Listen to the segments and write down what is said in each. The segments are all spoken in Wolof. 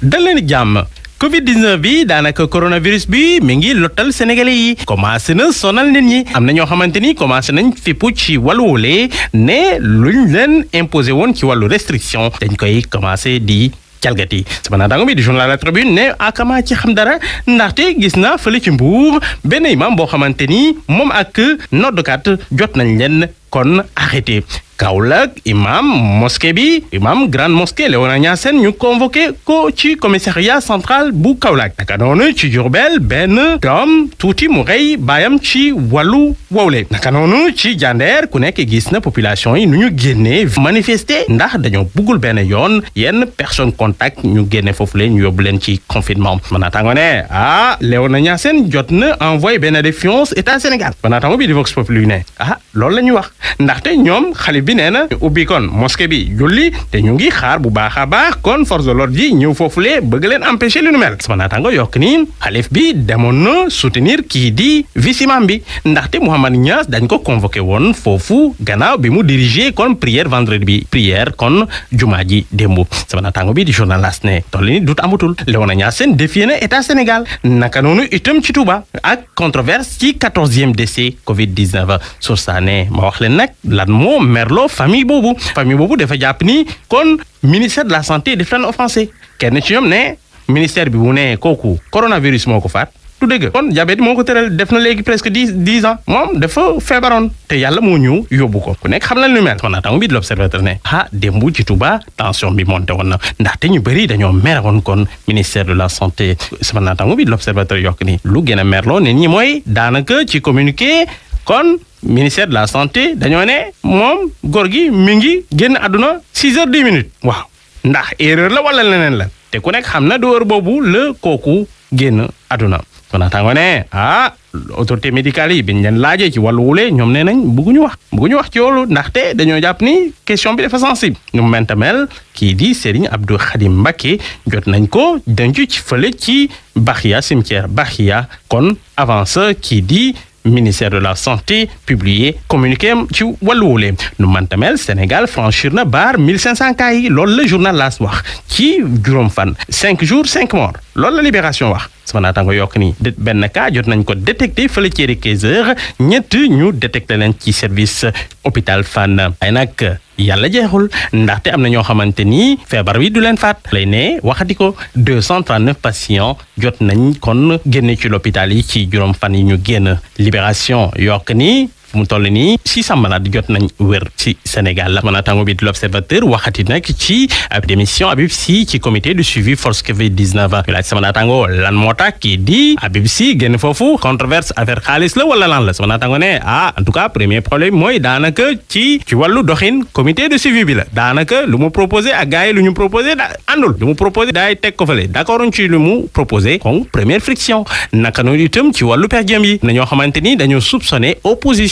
dal leen jàmm covid 19 bi daanaka coronavirus bi mi ngi lotal sénégalais yi commencé na sonal nit ñi am na ñoo xamante ni commencé nañ fippu ci wàllu woolee ne luñ leen imposé woon ci wàllu restriction dañ koy commencé di jalgati sama naataango bi di journal La Tribune ne akama ci xam dara ndaxte gis naa fële ci mbuur benn imam boo xamante ni moom ak noddukat jot nañ leen kon arrêté Kaolack imam mosquée bi imam grande mosquée Léona Niassène ñu convoqué ko ci commissariat central bu Kaolack naka noonu ci Diourbel benn doom tuuti mu rey baayam ci wàllu wowle naka noonu ci Jandeer ku nekk gis na population yi nu ñu génnee manifester ndax dañoo buggul benn yoon yenn personne contact ñu génne foofu leen ñu yóbbu leen ci confinement manaataango ne ah Léona Niassène jot na envoyé benn défiance état Sénégal manaataango bi di Vox Populi ne ah loolu la ñu wax ndaxte ñoom xalif bi nee na ubbi kon mosquée bi julli te ñu ngi xaar bu baax a baax kon force de l'ordre ji ñëw foofulee bëgg leen empêcher lu nu mel sama naataango yokk ni xalif bi demoon na soutenir kii di vice-imam bi ndaxte Mouhamad Niass dañ ko convoqué woon foofu gannaaw bi mu diriger kon prière vendredi bi prière kon jumaa ji démb sama naataango bi di journal L'As ne toll ni dut amatul Léona Niassène défié na état Sénégal naka noonu itam ci Touba ak controverse ci quatorzième décès leen nag lan moo merloo famille boobu famille boobu dafa jàpp ni kon ministère de la santé daf leen offensé kenn ci ñoom ne ministère bi bu ne kooku coronavirus moo ko faat du dëgg kon diabète moo ko tëral def na léegi presque dix dix ans moom dafa feebaroon te yàlla moo ñëw yóbbu ko ku nekk xam na lu mel sama naataango bi di l'observateur ne ah démb ci Touba tension bi monté woon na ndaxte ñu bëri dañoo mer woon kon ministère de la santé samana naataango bi di l'observateur yokk ni lu gën a merloo nit ñi mooy daanaka ci communiqué kon ministère de la santé dañoo ne moom góor gi mi ngi génn àdduna 6 heures 10 minutes waaw ndax erreur la walla leneen la te ku nekk xam na du heure boobu le kooku génn àdduna kon naataango ne ah autorité médicale yi biñ leen laajee ci wàllu wule ñoom nee nañ bëgguñu wax bëgguñu wax ci loolu ndaxte dañoo jàpp ni question bi dafa sensible ñu mentamel kii di Serigne Abdou Khadim Mbacké jot nañ ko denc ci fële ci Baxiya cimetière Baxiya kon avance kii di ministère de la santé publié communiqué ci wàllu woole nu mantamel Sénégal franchir na barre 1500 cas yi loolu la journal laas wax ci juróom fan cinq jours cinq morts loolu la libération wax sama yokk nii benn cas jot nañ ko détecté fële ci quinze heures ñett ñu détecté leen ci service hôpital Fann ay nag yàlla jeexul ndaxte am na ñoo xamante ni feebar wi du leen faat lay ne waxati ko 239 patients jot nañ kon génne ci l'hôpital yi ci juróom fan yi ñu génn libération yokk ni mu toll nii six cent malades jot nañ wér ci Sénégal la naataango bi di l'observateur waxati nag ci démission Habib Sy ci comité de suivi force Covid 19 ñu laaj sama naataango lan moo tax kii di Habib Sy controverse affaire xaalis la wala lan la sama naataango ne ah en tout cas premier problème mooy daanaka ci ci doxin comité de suivi bi la daanaka lu mu proposé ak gars lu ñu proposé da lu mu proposé daay teg ko fële d'accord ci lu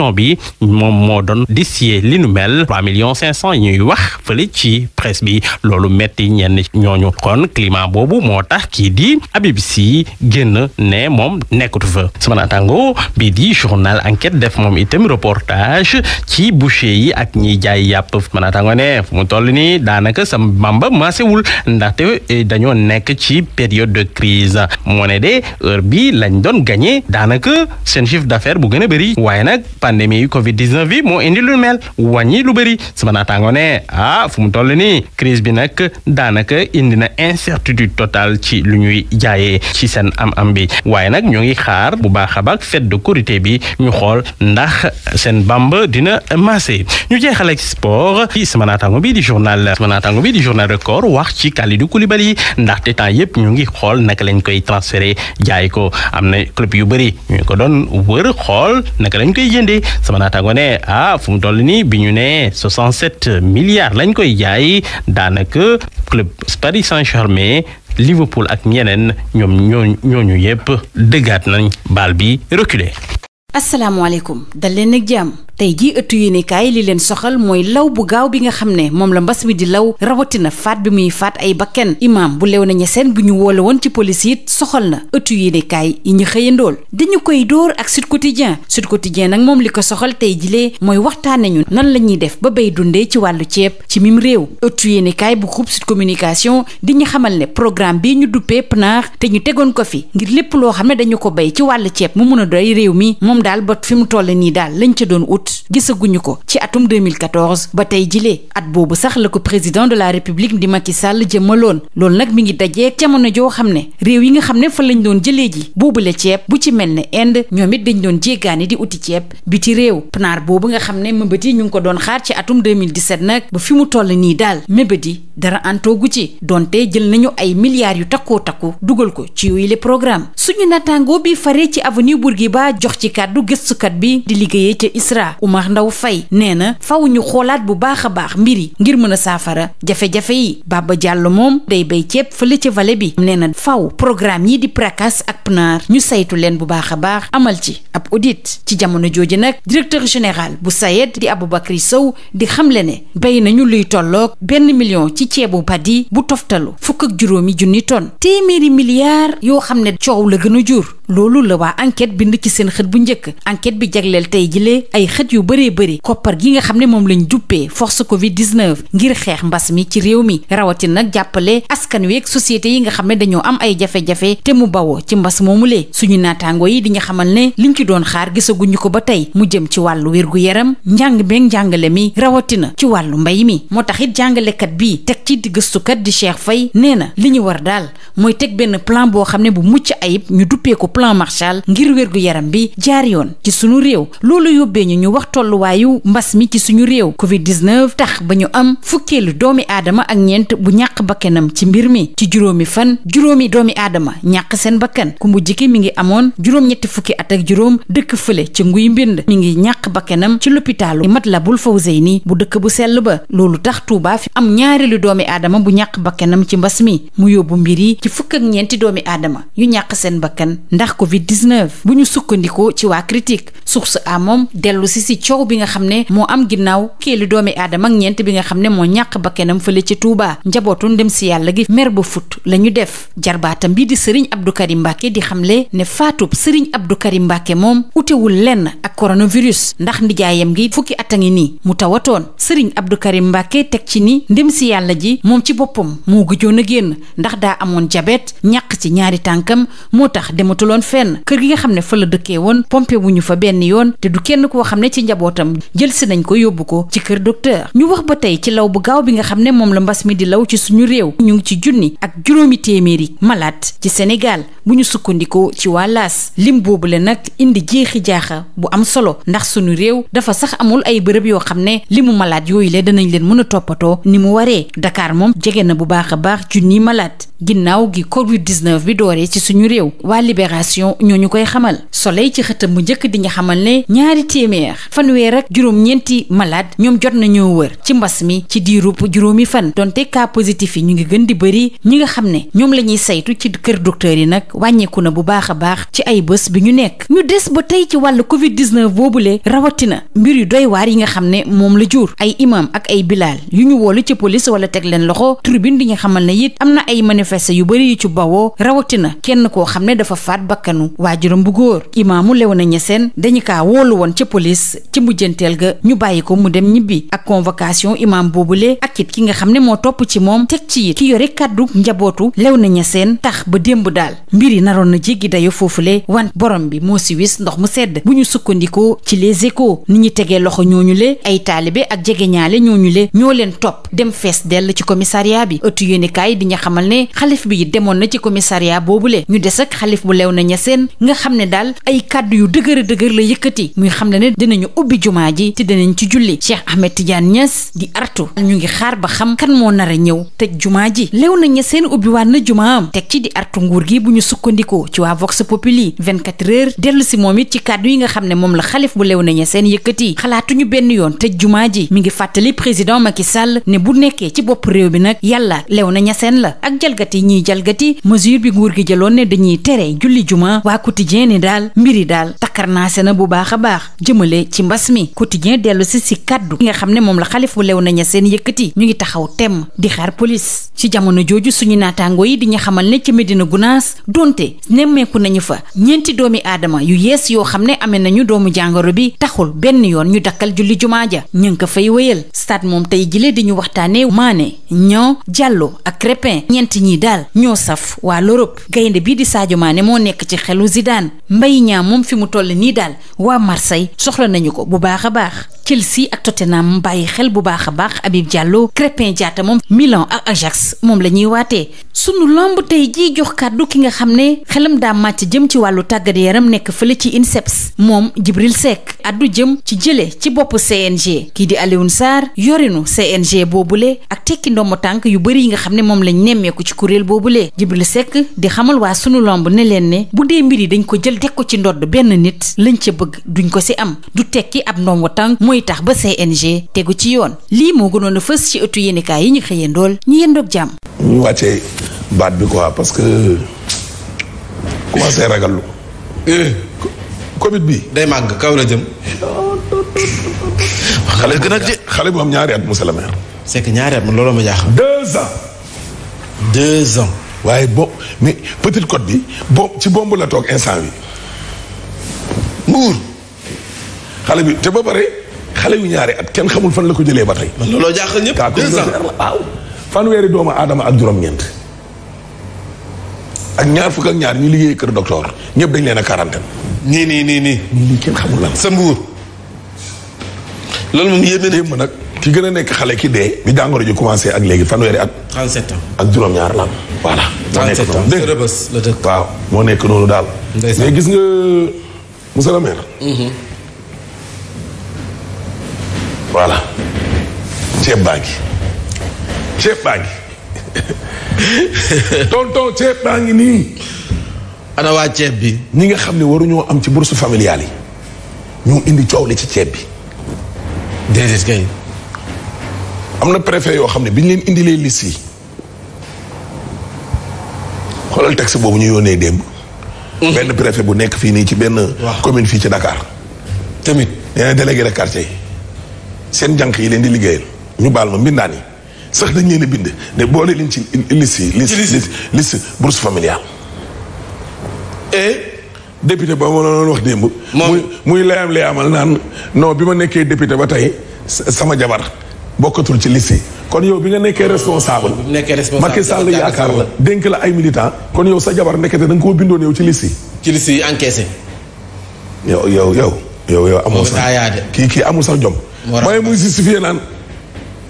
opposition bi moom moo doon disier li nu mel trois millions cinq cent yi wax fële ci presse bi loolu metti ñenn ñooñu kon climat boobu moo tax kii di Habib Sy génn ne moom nekkatu fa sama naataango bii di journal enquête def moom itam reportage ci boucher yi ak ñiy jaay yàpp sama naataango ne fu mu toll nii daanaka sa bamba wul ndaxte eh, dañoo nekk ci période de crise moo ne de heure bi lañ doon gagné daanaka seen chiffre d'affaires bu gën a bëri waaye nag pandémie covid 19 bi moo indi lu mel wàññi lu bari sama naataango ne ah fu mu toll nii crise bi nag daanaka indi na incertitude totale ci lu ñuy jaayee ci seen am-am bi waaye nag ñu ngi xaar bu baax a baax fête de Korité bi ñu xool ndax seen bamba dina maase ñu jeexal ak sport ci sama naataango bi di journal sama naataango bi di journal record wax ci Kalidou Koulibaly ndaxte temps yëpp ñu ngi xool naka lañ koy transféré jaay ko am na club yu bëri ñu ko doon wër xool jaay sama naataango ne ah fu mu toll nii bi ñu ne 67 milliards lañ koy jaay daanaka club Paris Saint-Germain Liverpool ak ñeneen ñoom ñooñu ñooñu yëpp dëggaat nañ baal bi reculer. asalaamaaleykum dal leen ak jàmm. tey jii ëttu yéenekaay li leen soxal mooy law bu gaaw bi nga xam ne moom la mbas mi di law rawatina faat bi muy faat ay bakken imaam bu lew na ña seen bu ñu woole woon ci police it soxal na ëttu yéenekaay yi ñu xëyandool dañu koy dóor ak Sud Quotidien Sud Quotidien nag moom li ko soxal tey jilee mooy waxtaane ñu nan la ñuy def ba bay dundee ci wàllu ceeb ci mim réew ëttu yéenekaay bu groupe Sud Communication di ñu xamal ne programme bii ñu duppee PNAR te ñu tegoon ko fi ngir lépp loo xam ne dañu ko bay ci wàllu ceeb mu mun a doy réew mi moom daal ba fi mu vote gisaguñu ko ci atum 2014 ba tey jilee at boobu sax la ko président de la république di Macky Sall jëmaloon loolu nag mi ngi dajee jamono joo xam ne réew yi nga xam ne fa lañ doon jëlee ji boobule ceeb bu ci mel ne Inde ñoom it dañ doon jéggaani di uti ceeb biti réew panaar boobu nga xam ne mëbët yi ñu ngi ko doon xaar ci atum 2017 nag ba fi mu toll nii daal mëbët yi dara antoogu ci donte jël nañu ay milliards yu takkoo takku dugal ko ci yooyu le programme suñu nattaangoo bi faree ci avenue Bourguiba jox ci kàddu gëstukat bi di liggéeyee ca ISRA Oumar Ndaw Faye nee na faw ñu xoolaat bu baax a baax mbir yi ngir mën a saafara jafe-jafe yi Baba jàll moom day bay ceeb fële ci vallée bi nee na faw programme yi di PRACAS ak PNAR ñu saytu leen bu baax a baax amal ci ab audit ci jamono jooju nag directeur général bu SAED di abu yi Sow di xamle ne bay nañu luy tollook benn million ci ceebu padi bu toftalu fukk ak juróomi junni ton téeméeri milliards yoo xam ne coow la gën a jur loolu la waa enquête bind ci seen bu njëkk enquête xët yu bëree bëri koppar gi nga xam ne moom lañ juppee force covid 19 ngir xeex mbas mi ci réew mi rawatina nag jàppale askan week ak yi nga xam ne dañoo am ay jafe-jafe te mu bawoo ci mbas lee suñu naataango yi di nga xamal ne liñ ci doon xaar gisaguñu ko ba tey mu jëm ci wàllu wér yaram njàng beeg njàngale mi rawatina ci wàllu mbay mi moo tax it jàngalekat bii teg ci di gëstukat di Cheikh Faye nee na li ñu war daal mooy teg benn plan boo xam ne bu mucc ayib ñu duppee ko plan Marshall ngir wér yaram bi jaar yoon ci sunu réew wax tolluwaayu mbas mi ci suñu réew covid 19 tax ba ñu am fukkeelu doomi aadama ak ñeent bu ñàkk bakkanam ci mbir mi ci juróomi fan juróomi doomi aadama ñàkk seen bakkan ku mu jikki mi ngi amoon juróom-ñetti fukki at ak juróom dëkk fële ci nguy mbind mi ngi ñàq bakkanam ci mat la bul lopitaalu Matlaboul Fawzeyni bu dëkk bu sell ba loolu tax Touba fi am ñaareelu doomi aadama bu ñàq bakkanam ci mbas mi mu yóbbu mbir yi ci fukk ak ñeenti doomi aadama yu ñàq si coow bi nga xam ne moo am ginnaaw kii li doomi aadama ak ñeent bi nga xam ne moo ñàkk bakkanam fële ci Touba njabootu ndem si yàlla gi mer ba fut la ñu def jarbaatam bi di sëriñ Abdou Karim Mbacke di xamle ne faatub sëriñ Abdou Karim Mbacke moom utewul lenn ak coronavirus ndax ndijaayam gi fukki attangi a nii mu tawatoon sëriñ Abdou Karim Mbacke teg ci ni ndem si yàlla ji moom ci boppam moo gëjoon a génn ndax daa amoon jabet ñàq ci ñaari tànkam moo tax dematuloon fenn kër gi nga xam ne fa ci njabootam jël si nañ ko yóbbu ko ci kër docteur ñu wax ba tey ci law bu gaaw bi nga xam ne moom la mbas mi di law ci suñu réew ñu ngi ci junni ak juróomi téeméeri malaat ci Sénégal bu ñu sukkandikoo ci waa laas boobu boobule nag indi jeexi jaaxa bu am solo ndax suñu réew dafa sax amul ay bërëb yoo xam ne limu malaat yooyu le danañ leen mën a toppatoo ni mu waree Dakar moom jege na bu baax a baax junni malaat ginnaaw gi covid 19 bi dooree ci suñu réew waa libération ñoo ñu koy xamal soleil ci xëtam bu njëkk di xamal ne ñaari téeméer fanweer ak juróom-ñeenti malade ñoom jot nañoo wër ci mbas mi ci diirub juróomi fan donte cas positif yi ñu ngi gën di bëri ñi nga xam ne ñoom la ñuy saytu ci kër docteur yi nag wàññeeku na bu baax a baax ci ay bés bi ñu nekk ñu des ba tey ci wàllu covid 19 boobule rawatina mbir yu doy waar yi nga xam ne moom la jur ay imam ak ay bilaal yu ñu woolu ci police wala teg leen loxo jafe-jafe yu bëri yu ci bawoo na kenn koo xam ne dafa faat bakkanu waajuram bu góor imaamu Léona Niassène dañu kaa wóolu woon ca police ci mujjanteel ga ñu bàyyi ko mu dem ñibbi ak convocation imaam boobule ak it ki nga xam ne moo topp ci moom teg ci it ki yore kàddu njabootu Léona Niassène tax ba démb daal mbir yi naroon na jéggi foofu foofule wan borom bi moo si ndox mu sedd bu ñu sukkandikoo ci les échos ni ñu tegee loxo ñooñu le ay taalibe ak jegeñaale ñooñu ñoo leen topp dem fees ci commissariat xalif bi demoon na ci boobu boobule ñu des ak xalif bu lew na ñaseen nga xam ne daal ay kàddu yu dëgër dëgër la yëkkati muy xam ne ne dinañu ubbi jumaa ji te dinañ ci julli Cheikh Ahmed Tidiane Niass di artu ñu ngi xaar ba xam kan moo nare ñëw tëj jumaa ji lew na ñaseen ubbiwaat na jumaam teg ci di artu nguur gi bu ñu sukkandikoo ci waa Vox Populi 24 heures dellu si moom it ci kàddu yi nga xam ne moom la xalif bu lew na ñaseen yëkkati xalaatuñu benn yoon tëj jumaa ji mi ngi fàttali président Macky Sall ne bu nekkee ci bopp réew bi nag yàlla lew na ñaseen la ak jalgati jalgati yi ñuy jalgati mesure bi nguur gi jëloon ne dañuy tere julli juma waa quotidien ni daal mbiri daal takkar takkarnaase na bu baax a baax jëmale ci mbas mi quotidien dellu si si kàddu yi nga xam ne moom la xalif bu lew naña seen yëkkati ñu ngi taxaw temm di xaar polis ci jamono jooju suñu naataango yi di ñu xamal ne ci Medina Gunaas donte nemmeeku nañu fa ñeenti doomi aadama yu yees yoo xam ne amee nañu doomu jàngoro bi taxul benn yoon ñu dakkal julli jumaa ja ñu ngi ko fay wéyal stade moom tey jile di ñu waxtaanee maane ñoo jàllo ak crépin ñeent ñi daal ñoo saf waa l'Europe gaynde bii di Sadio Mané moo nekk ci xelu Zidane Mbaye ñaam moom fi mu toll nii daal waa Marseille soxla nañu ko bu baax a baax Chelsea ak Tottenham bàyyi xel bu baax a baax Habib jàlloo Crépin Diatta moom Milan ak Ajax moom la ñuy waatee sunu lomb tey jii jox kàddu ki nga xam ne xelam daa màcc jëm ci wàllu tàggat yaram nekk fële ci INSEPS moom Jibril Seck addu jëm ci jële ci bopp CNG kii di Alioune Sarr yorinu CNG le ak tekki ndombo tànk yu bëri yi nga xam ne moom lañ nemmeeku ci kuréel boobulee Jibril Seck di xamal waa sunu lomb ne leen ne bu dee mbir yi dañ ko jël teg ko ci ndodd benn nit lañ ca bëgg duñ ko ci am du tekki ab ndombo tànk mooy tax ba CNG tegu ci yoon lii moo gënoon a fës ci ëttu yéenekaay yi ñu xëyandool ñu yendoog jàmm. ñu wàccee baat bi quoi parce que commencé ragallu. Eh, covid bi day màgg kaw la jëm. xale gën a bu am ñaari at monsieur le maire. ñaari at man looloo ma jaaxal. deux ans. waaye bo mais Petite Côte bi bo ci bomb la toog instant bi mbuur xale bi te ba pare xale yu ñaari at kenn xamul fan la ko jëlee ba tey. looloo jaaxal ñëpp deux ans waaw. fanweeri doomu aadama ak juróom-ñeent ak ñaar fukk ak ñaar ñu liggéey kër docteur ñëpp dañ leen a quarantaine. nii nii nii nii. ñun kenn xamul lan. sa mbuur loolu moom yéeme na nag. ki gën a nekk xale ki dee. bi jàngoro ji commencé ak léegi fanweeri at. 37 ans ak juróom la am. voilà moo nekk noonu dégg nga waaw moo nekk noonu daal. mais gis nga monsieur le mm-hmm. voilà ceeb baa ngi ceeb baa ngi tonton ceeb baa ngi nii. ana waa ceeb bi. ni nga xam ne waruñoo am ci bourse familiale yi ñu indi coow li ci ceeb bi. déedéet am na préfet yoo xam ne bi ñu leen indilee liste yi xoolal texte boobu ñu yoonee démb. Mhm. benn préfet bu nekk fii nii ci benn. commune fii ci Dakar. tamit nee na délégué de quartier seen janq yi leen di liggéeyal ñu baal ma mbindaan yi sax dañ leen bind ne boole leen ci liste yi. liste liste liste bourse familiale. et député ba ma wax démb. muy muy layam layamal naan non bi ma nekkee député ba tey sama jabar. bokkatul ci liste kon yow bi nga nekkee responsable Macky Sall yaakaar la dénk la ay militant kon yow sa jabar nekkete da nga koo bindoon yow ci liste yi ci liste yi encaissé yow yow yow yow yow amoo sax kii kii amul sax jom waaye muy justifié naan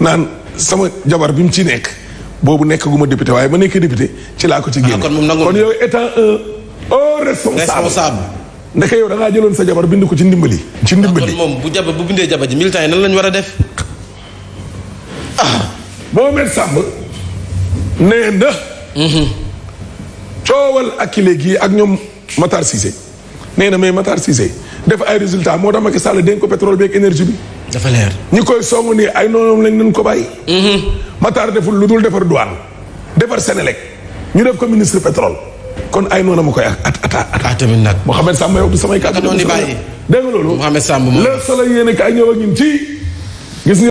naan sama jabar bi mu ci nekk boobu nekk gu ma député waaye ma nekkee député ci laa ko ci ah, génne kon yow étant un haut responsable ndeke yow da jëloon sa jabar bind ko ci ndimbali ci ah, ndimbali moom bu jabar bu bindee jabar ji militant yi nan lañ war a def Ah, Mohamed Samb nee na mhm. coowal Akile léegi ak ñoom Matar Cissé nee na mais Matar Cissé def ay résultat moo tax Macky Sall dénk ko pétrole bi ak énergie bi dafa leer ñi koy song nii ay noonu lañ leen ko bàyyi mhm. Matar deful lu dul defar douane defar Sénélec ñu def ko ministre pétrole kon ay noonu ma koy at ata ata ah, tamit nag Mohamed Samb yow du samay kàddu dégg nga loolu Mohamed Samb la sala yéen a kaay ñun ci